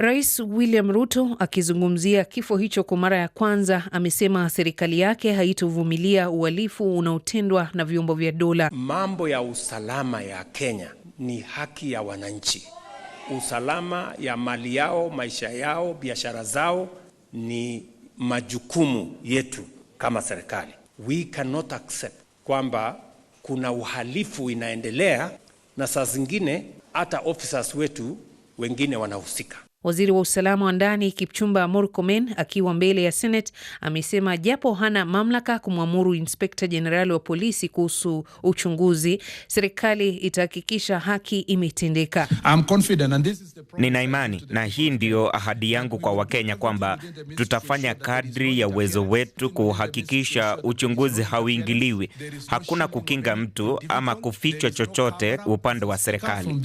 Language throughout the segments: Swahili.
Rais William Ruto akizungumzia kifo hicho kwa mara ya kwanza amesema serikali yake haitovumilia uhalifu unaotendwa na vyombo vya dola. Mambo ya usalama ya Kenya ni haki ya wananchi. Usalama ya mali yao, maisha yao, biashara zao ni majukumu yetu kama serikali. We cannot accept kwamba kuna uhalifu inaendelea na saa zingine hata officers wetu wengine wanahusika. Waziri wa usalama wa ndani Kipchumba Murkomen akiwa mbele ya Senate amesema japo hana mamlaka kumwamuru inspekta jenerali wa polisi kuhusu uchunguzi, serikali itahakikisha haki imetendeka. Nina imani na hii ndiyo ahadi yangu kwa Wakenya kwamba tutafanya kadri ya uwezo wetu kuhakikisha uchunguzi hauingiliwi. Hakuna kukinga mtu ama kufichwa chochote upande wa serikali.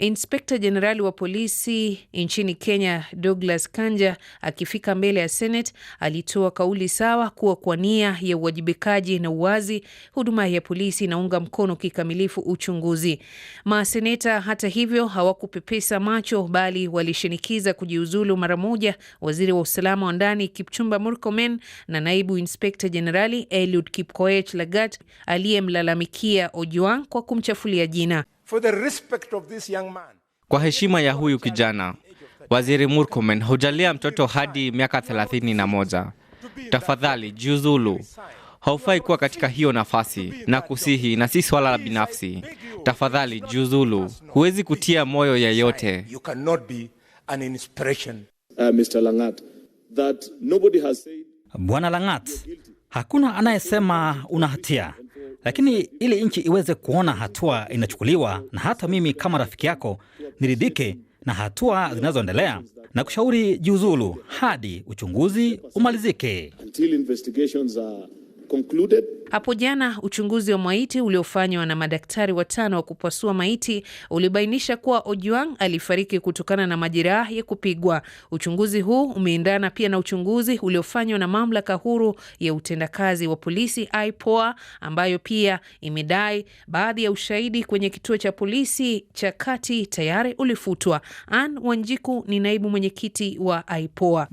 Inspekta jenerali wa polisi nchini Kenya, Douglas Kanja akifika mbele ya Senate alitoa kauli sawa kuwa kwa nia ya uwajibikaji na uwazi, huduma ya polisi inaunga mkono kikamilifu uchunguzi. Maseneta hata hivyo hawakupepesa macho, bali walishinikiza kujiuzulu mara moja waziri wa usalama wa ndani Kipchumba Murkomen na naibu inspekta jenerali Eliud Kipkoech Lagat aliyemlalamikia ojuang kwa kumchafulia jina. For the respect of this young man. Kwa heshima ya huyu kijana, Waziri Murkomen, hujalia mtoto hadi miaka thelathini na moja. Tafadhali jiuzulu, haufai kuwa katika hiyo nafasi na kusihi, na si swala la binafsi. Tafadhali jiuzulu, huwezi kutia moyo yeyote. Uh, Bwana Langat, hakuna anayesema una hatia, lakini ili nchi iweze kuona hatua inachukuliwa, na hata mimi kama rafiki yako niridhike na hatua zinazoendelea na kushauri jiuzulu hadi uchunguzi umalizike. Hapo jana uchunguzi wa maiti uliofanywa na madaktari watano wa kupasua maiti ulibainisha kuwa Ojwang alifariki kutokana na majeraha ya kupigwa. Uchunguzi huu umeendana pia na uchunguzi uliofanywa na mamlaka huru ya utendakazi wa polisi IPOA, ambayo pia imedai baadhi ya ushahidi kwenye kituo cha polisi cha kati tayari ulifutwa. Ann Wanjiku ni naibu mwenyekiti wa IPOA.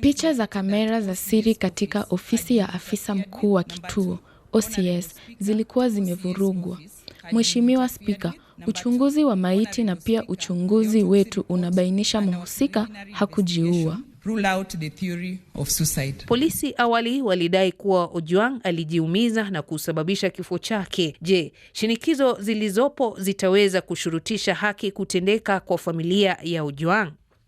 Picha za kamera za siri katika ofisi ya afisa mkuu mkuu wa kituo OCS zilikuwa zimevurugwa. Mheshimiwa Spika, uchunguzi wa maiti na pia uchunguzi wetu unabainisha mhusika hakujiua. Rule out the theory of suicide. Polisi awali walidai kuwa Ojwang alijiumiza na kusababisha kifo chake. Je, shinikizo zilizopo zitaweza kushurutisha haki kutendeka kwa familia ya Ojwang?